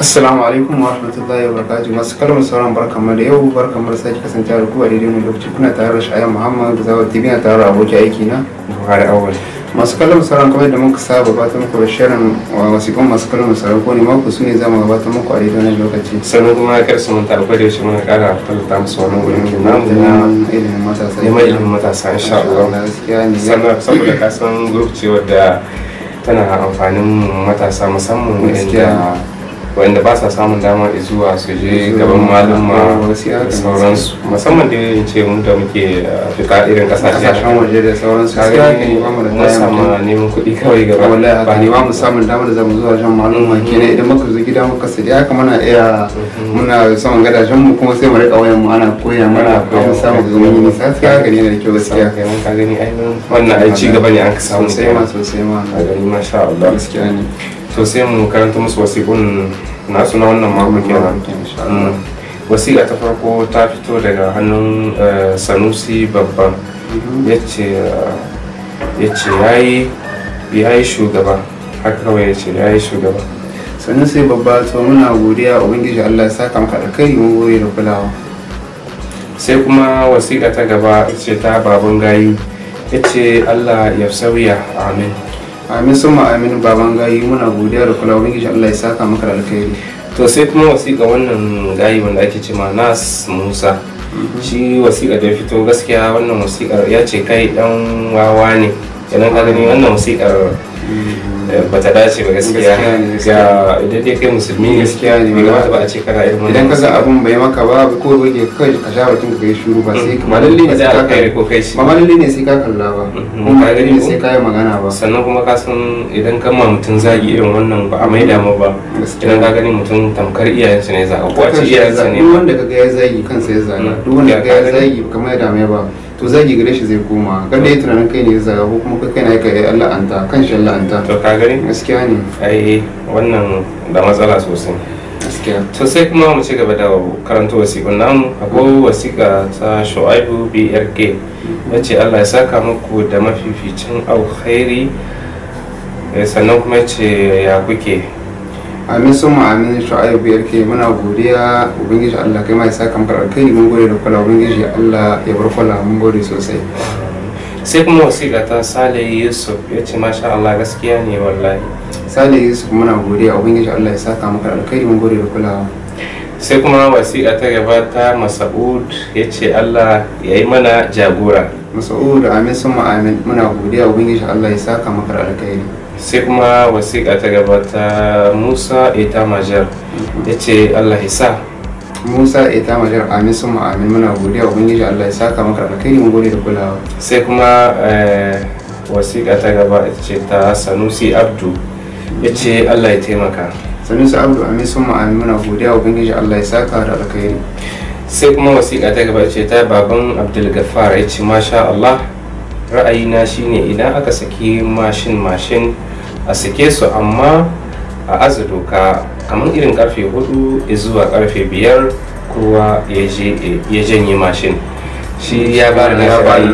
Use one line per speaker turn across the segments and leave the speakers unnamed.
Assalamu alaikum wa rahmatullahi wa barakatuh masu kalmar sauran barkamar da yau barkamar sake kasance da ku a daidai wani lokaci kuna tare da Shaya Muhammad da zawo TV na tare da aboki aiki na Buhari Awal. Masu kalmar sauran kamar da muka saba ta muku da shirin wasiƙun masu kalmar sauran ko ne mako su ne zamu gabata muku a daidai wani lokaci. Sannan kuma ya karsu mun akwai da yaushe muna ƙara tallata musu wannan gurin da namu na ilimin matasa. Neman ilimin matasa insha Allah. Sannan saboda ka san group ce wadda tana amfanin matasa musamman wanda wanda ba sa samun dama zuwa su je gaban malama da sauransu musamman da yin ce mun da muke uh, fita irin kasashen waje da sauransu ka gani mun samu neman kuɗi kawai gaba wallahi ba ne ba mu samun dama da zamu zuwa shan ma kene idan muka zo gida muka sadi haka muna iya mm-hmm. muna saman gadashen mu kuma sai mu rika wayan mu ana koya mana mu samu zuwa yi nisa ka gani da kyau gaskiya kai mun ka gani ai wannan ai ci gaba ne an ka samu sosai ma sosai ma ka gani masha Allah gaskiya ne so sai mu karanta musu wasiƙun nasu na wannan mako kenan mm. wasiƙa ta farko ta fito daga hannun eh, sanusi babban mm-hmm. ya ce ya yi shugaba haka kawai ya ce ya yi shugaba sannan sai babba to muna godiya ubangiji allah ya saka maka kai mun gode da kulawa sai kuma wasiƙa ta gaba ce ta baban gayu ya ce allah ya sauya amin amin sun amin baban gayi muna godiya da kula ubangiji Allah ya saka maka da alkhairi to sai kuma wasiƙa wannan gayi wanda ake ce Nas Musa mhm. shi wasiƙa da fito gaskiya wannan wasiƙar ya ce kai dan wawa ne idan ka gani wannan wasiƙar Eh, bata dace ba gaskiya ga idan dai kai musulmi ne gaskiya ne ba ba a ce kana irin idan ka san abun bai maka ba ko ke kai ka sha bakin ka yi shuru ba sai mm, kuma lalle ne sai ka kai ko kai ba lalle ne sai ka kalla ba mm, mm, kuma ba lalle ne sai ka yi magana ba sannan kuma ka san idan kan ma mutum zagi irin wannan ba a maida ma ba idan ka gani mutum tamkar iyayensa ne zaka ko a ce iyayensa ne duk wanda ga ya zagi kansa ya zana duk wanda ga ya zagi kamar da mai ba to zagi gare shi zai koma kada ya tunanin kai ne ya zaga ko kuma kai na yi eh, Allah anta kan shi Allah la'anta to ka gani gaskiya ne ai eh, wannan da matsala sosai gaskiya to sai kuma mu ci gaba da karanta wasiƙun namu akwai wasiƙa ta shu'aibu brk wacce allah ya saka muku da mafificin alkhairi eh, sannan kuma ce ya kuke amin sun amin shu'aibu yarke muna godiya ubangiji allah kai ma ya sa kamfar alkhairi mun gode da kula ubangiji allah ya bar kula mun gode sosai sai kuma wasiƙa ta sale yusuf ya ce masha allah gaskiya ne wallahi sale yusuf muna godiya ubangiji allah ya saka maka alkhairi mun gode da kulawa sai kuma wasiƙa ta gaba ta masa'ud ya ce allah ya yi mana jagora masa'ud amin sun amin muna godiya ubangiji allah ya saka maka alkhairi sai kuma wasiƙa ta gaba ta musa ita majar ya ce allah ya sa. musa ita majar amin sun ma'amin muna godiya ubangiji allah ya saka maka kai mun gode da kulawa sai kuma eh, wasiƙa ta gaba ita ce ta sanusi abdu ya ce allah ya taimaka sanusi abdu amin sun ma'amin muna godiya ubangiji allah ya saka da alkhairi sai kuma wasiƙa ta gaba ce ta baban abdulgafar ya ce masha Allah ra'ayina shine idan aka saki mashin mashin a sake su amma a aza doka kamar irin karfe 4 zuwa karfe biyar kowa ya janye mashin shi ya ba da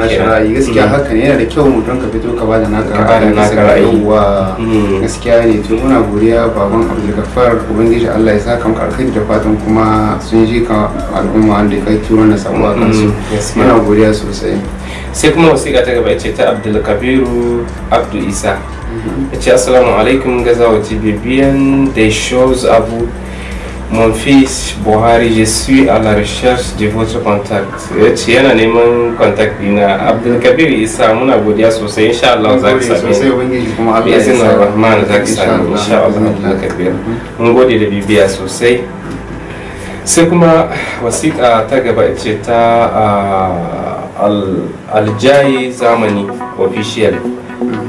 nashi ra'ayi gaskiya mm. haka ne yana da kyau don ka fito ka ba da naka ra'ayi naka ra'ayi wa mm. gaskiya ne to muna godiya baban abdulgafar ubangiji Allah ya saka maka alkhairi da fatan kuma sun ji ka al'umma wanda kai turo na samuwa kansu mm, muna godiya sosai sai kuma wasiƙa ta gaba ce ta abdulkabiru abdu isa mm-hmm. ya ce assalamu alaikum gazawa bibiyan da shows abu mon fils buhari je suis à la recherche de votre contact yace yana mon contact dina abdulkabir isa muna godiya sosai insha Allah za ka same sosai ubangiji kuma Allah ya sanar rahman kabir ka same insha Allah abdulkabir mun gode da bibiya sosai sai kuma wasiƙa ta gaba ce ta ah, aljayi zamani official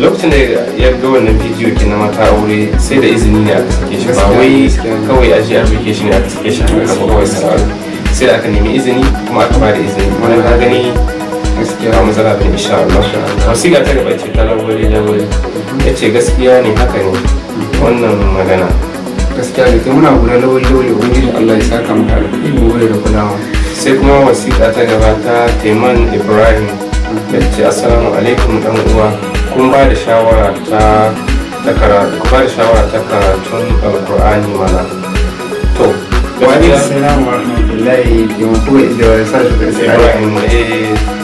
lokacin da ya ga wannan bidiyo ke na mata aure sai da izini ne aka sake shi ba wai kawai aji application ne aka sake shi aka kafa kawai sana'ar sai aka nemi izini kuma aka ba da izini wani ka gani gaskiya matsala da insha Allah wasiƙa ta gaba ce ta lagwale lagwale ya ce gaskiya ne haka ne wannan magana gaskiya da kai muna guda lawali lawali wajen Allah ya saka maka alƙairi gore da kulawa sai kuma wasiƙa ta gaba ta Teman Ibrahim ya ce assalamu alaikum dan uwa kun ba da shawara ta karatun alkur'ani mana to wani assalamu alaikum warahmatullahi jama'a da wasu sashi da sai eh,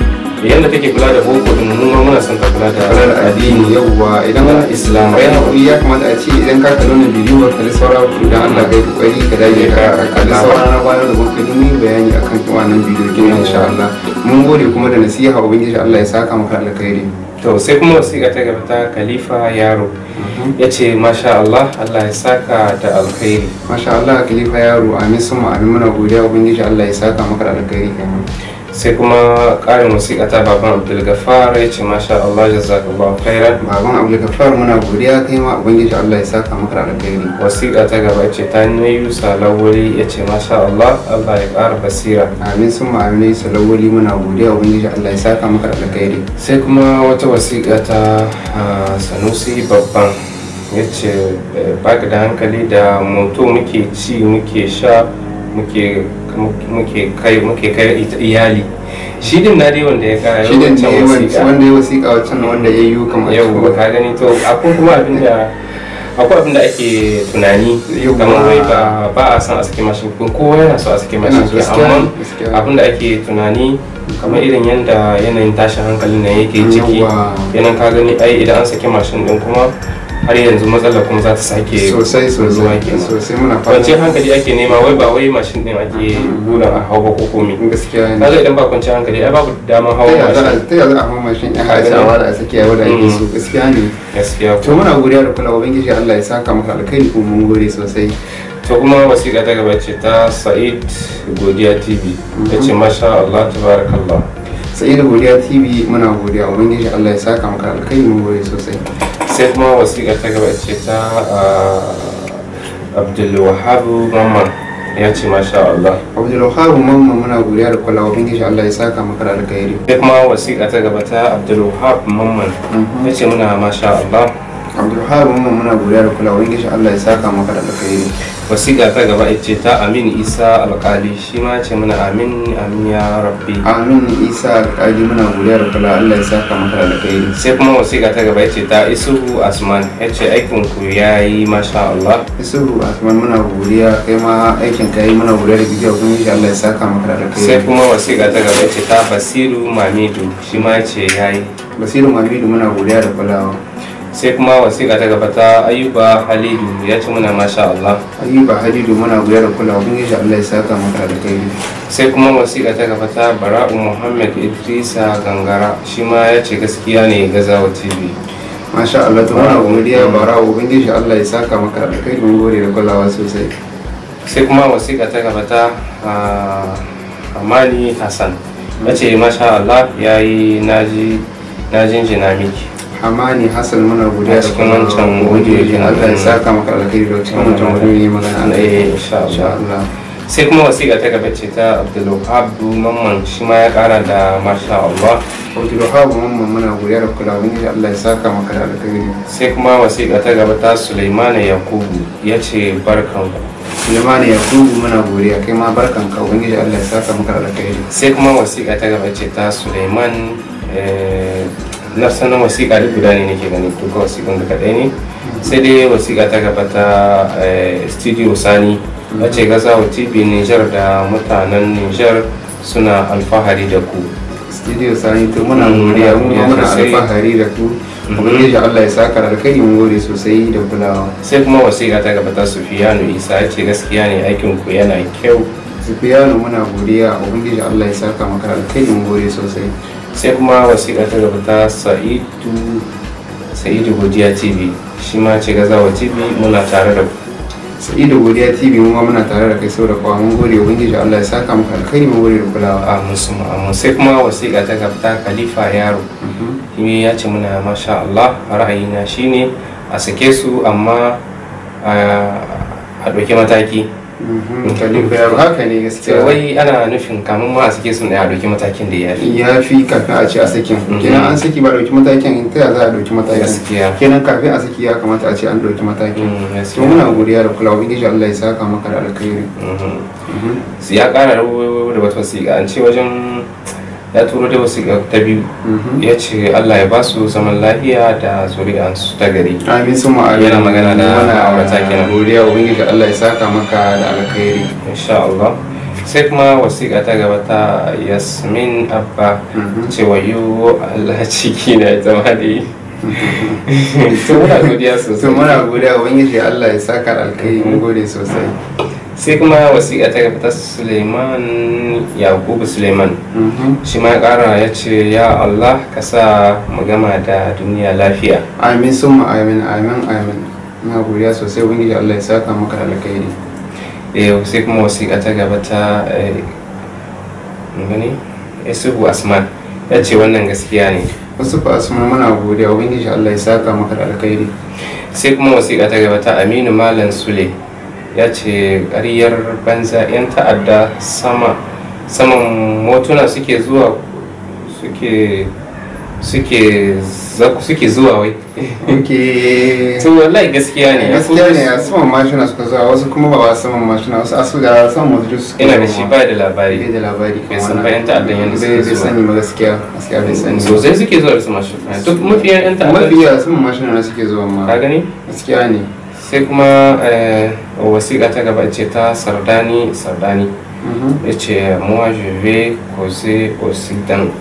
yadda take kula da boko din mu ma muna son ta kula da kalar addini yawwa idan ana islam kai hakuri ya kamata a ce idan ka kalli wannan bidiyo ka kalli sauran ku da Allah kai kokari ka dage ka kalli sauran na bayar da boko din mu bayani akan wannan bidiyo din insha Allah mun gode kuma da nasiha ubangiji Allah ya saka maka alkhairi to sai kuma ga ta gaba ta kalifa yaro mhm. ya ce masha Allah Allah ya saka da alkhairi masha Allah kalifa yaro amin sun amin muna godiya ubangiji Allah ya saka maka da alkhairi sai kuma ƙarin musika ta baban abdulgafar ya ce masha Allah ya zaka ba khairan baban abdulgafar muna godiya kai ma ubangiji Allah ya saka maka da alkhairi wasiƙa ta gaba ce ta nayu salawuli ya ce masha Allah Allah ya ƙara basira amin sun ma'amini salawuli muna godiya ubangiji Allah ya saka maka da alkhairi sai kuma wata wasiƙa ta ah, sanusi babban ya ce baka da hankali da moto muke ci muke sha muke kai muke kai iyali shi din na dai wanda ya kara shi din wanda ya wasiƙa wancan wanda ya yi kamar yau ka gani to akwai kuma abin da akwai abin da ake tunani kamar wai ba a san a saki mashin kowa yana so a saki mashin amma abin da ake tunani kamar irin yadda yanayin tashin hankalin nan yake ciki yanayin ka gani ai idan an saki mashin din kuma har yanzu matsalar kuma za ta sake sosai sosai sosai muna fara kwanciyar hankali ake nema wai ba wai mashin din ake burin a hau ba ko komi gaskiya ne kaga idan ba kwanciyar hankali ai babu damar hau ba ta yanzu a hau mashin ya haɗa da wada a tsakiya da ake so mm. gaskiya ne gaskiya to muna godiya da kulawa ubangiji Allah ya saka maka alkhairi ko mun gode sosai to kuma wasiƙa ta gaba ce ta Sa'id Godiya TV ta ce masha Allah tabarakallah Sa'id Godiya TV muna godiya ubangiji Allah ya saka maka alkhairi mun gode sosai sai kuma wasiƙar ta gaba ce ta uh, abdulwahabu mamman ya ce masha Allah abdulwahabu mamman muna godiya da kwallo abin gishi Allah ya saka maka da alkhairi sai kuma wasiƙa ta gaba ta abdulwahabu mamman ya ce muna masha Allah abdulwahabu mamman muna godiya da kwallo abin gishi Allah ya saka maka da alkhairi wasiƙa ta gaba ce ta amin isa alƙali shi ma ce mana amin amin ya rabbi amin isa alƙali muna godiya da kala allah ya saka maka da kai sai kuma wasiƙa ta gaba ce ta isuhu asman ya ce aikin ku ya yi masha allah isuhu asman muna godiya kai ma aikin ka yi muna godiya da bidiyo kuma shi allah ya saka maka da kai sai kuma wasiƙa ta gaba ce ta basiru mamidu shi ma ce ya yi basiru mamidu muna godiya da kulawa sai kuma wasiƙa ta gaba ta ayuba halidu ya ci muna masha Allah ayuba halidu muna goya da kula kun yi Allah ya saka maka da kai sai kuma wasiƙa ta gaba ta bara'u muhammad idrisa gangara shi ma ya ce gaskiya ne gazawa tv masha Allah to muna godiya bara'u ubangiji Allah ya saka maka da kai mun gode da kulawa sosai sai kuma wasiƙa ta gaba ta amani hassan ya ce masha Allah ya yi naji naji jinamiki miki hamani hassan muna guda a cikin wancan wajeji allah ya saka maka alkhairi da cikin wancan wajeji magana alkhairi insha allah sai kuma wasiƙa ta gaba ce ta abdulwahab mamman shi ma ya ƙara da masha allah abdulwahab mamman muna guda da kula wani allah ya saka maka da alkhairi sai kuma wasiƙa ta gaba ta suleiman yakubu ya ce barkan Sulemani ya Yakubu muna godiya kai ma barkan ka da Allah ya saka maka alkhairi. Sai kuma wasiƙa ta gaba ce ta Suleiman eh, na sanar wasiƙa duk guda ne nake gani duka wasiƙan duka ɗaya ne sai dai wasiƙa ta gaba ta eh, studio sani wace gaza wa tv niger da mutanen niger suna alfahari da ku studio sani to muna mm, godiya muna alfahari da ku mm-hmm. ubangiji Allah ya saka alkhairi yi gode sosai da kulawa sai kuma wasiƙa ta gaba ta Sufiyanu Isa ce gaskiya ne aikin ku yana kyau Sufiyanu muna godiya ubangiji Allah ya saka maka alkhairi mun gode sosai sai kuma wasiƙa ta gaba ta sa'idu godiya tv shi ma ce gazawa tv muna tare da ku sa'idu godiya tv mu ma muna tare da kai saboda kwa mun gode ubangiji Allah ya saka maka alkhairi mun gode da kulawa amin su amin sai kuma wasiƙa ta gaba ta khalifa yaro mm-hmm. shi ya ce muna masha Allah ra'ayina shine a sake su amma a ɗauki mataki Mhm. to haka ne gaskiya wai ana nufin kamun ma a sake sun a doki matakin da ya fi ya fi kafin a ce a sakin mhm. kenan an saki ba doki matakin ta ya za a doki matakin kenan kafin a saki ya kamata a ce an doki matakin mhm, to muna godiya da kula ubangiji Allah ya saka maka da alkhairi ya kara da wata wasiƙa an ce wajen ya turo da wasu ta biyu mhm. ya ce allah ya ba su zaman lafiya da zuri'ansu ta gari amin sun ma'ari yana magana da wani aurata kenan godiya ubangiji allah ya saka maka da alkhairi insha allah sai kuma wasiƙa ta gaba ta yasmin abba mhm. cewa yiwu allah ciki na zama ma dai sun muna godiya sosai sun muna godiya ubangiji allah ya saka da alkhairi mun gode sosai sai kuma wasiƙa ta gaba ta suleiman yakubu suleiman mhm. shi ma ƙara ya ce ya allah ka sa mu gama da duniya lafiya amin sun amin amin amin na guriya sosai ya allah ya saka maka da alkhairi eh, sai kuma wasiƙa ta gaba ta eh, gani isuhu asman ya ce wannan gaskiya ne wasu fa asman muna godiya ubangiji allah ya saka maka da alkhairi sai kuma wasiƙa ta gaba ta aminu malam sule ya ce ƙaryar banza 'yan ta'adda sama saman motuna suke zuwa suke suke suke zuwa wai to wallahi gaskiya ne gaskiya ne a saman mashina suka zuwa wasu kuma ba a saman mashina wasu a da saman motuna suke ina da shi ba da labari bai da labari bai ba yan ta'adda yanda suke zuwa bai sani ma gaskiya gaskiya bai sani so sai suke zuwa da su mashina to mafiya yan ta'addan mafiya saman mashina suke zuwa ma ka gani gaskiya ne sai kuma eh, wasiƙa ta gaba ce ta sardani sardani mhm. ya ce moi je vais causer occident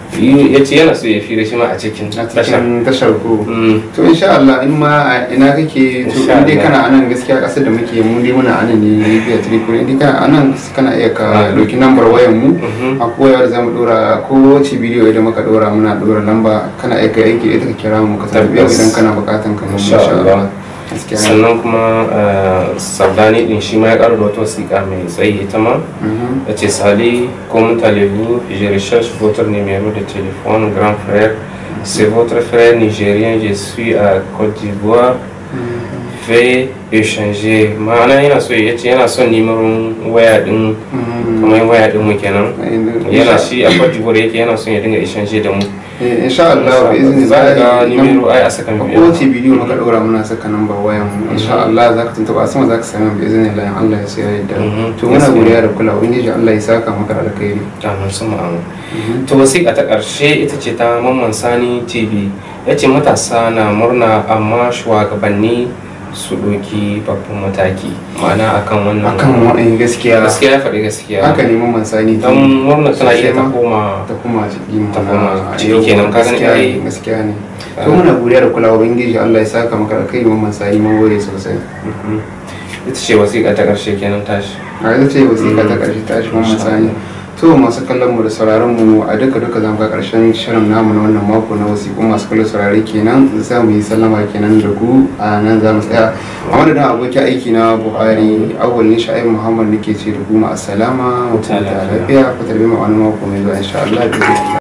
ya ce yana so ya da shi ma a cikin tashar ko mm. to insha Allah in ma ina kake to in dai kana anan gaskiya kasar da muke mun dai muna anan ne biya telefon in dai kana anan kana iya ka doki ah. lambar wayan mu mhm. a koyar mu dora ko wace bidiyo idan muka dora muna dora lamba kana iya ka yanke ita ka kira mu ka tabbata idan kana bukatan ka insha Allah sannan kuma eh, sardani din shi ma ya kara da wata wasiƙa mai tsayi ita ma da mhm. ce sali comme talevou je recherche votre numéro de téléphone grand frère c'est votre frère nigérien je suis à côte d'ivoire fai mhm. échanger ma'ana yana so ya ce yana son neman waya din mhm. kamar waya din mu kenan yana shi a côte d'Ivoire yake yana son ya dinga échanger da mu Eh, insha Allah bi izini za ka nimero ai a saka mu ko ce bidiyo muka dora muna saka number wayan mu mm-hmm. insha Allah za ka tuntuba sama za ka sami bi izini Allah Allah ya sa sai yadda mm-hmm. to muna godiya da kula ubangiji Allah ya saka maka alkhairi amin sama amin mm-hmm. to wasiƙa ta ƙarshe ita ce ta mamman sani tv yace matasa na murna amma shugabanni su doki babban mataki ma'ana akan wannan akan wannan gaskiya gaskiya faɗi gaskiya haka ne mamman sani dan wannan tana iya ta koma ta koma cikin ta koma cikin kenan ka gaskiya ne to muna godiya da kulawa ubangiji Allah ya saka maka kai mamman sani mun gode sosai ita ce wasiƙa ta ƙarshe kenan tashi a ita ce wasiƙa ta ƙarshe tashi mamman sani to masu kallon mu da sauraron mu a duka duka zamu ga karshen shirin namu na wannan mako na wasiƙu masu kallon saurare kenan za mu yi sallama kenan da ku a nan za mu tsaya a madadin abokin aiki na buhari awwal ne muhammad nake ce da ku ma assalama mutum da lafiya ku tarbi mu mako mai zuwa insha Allah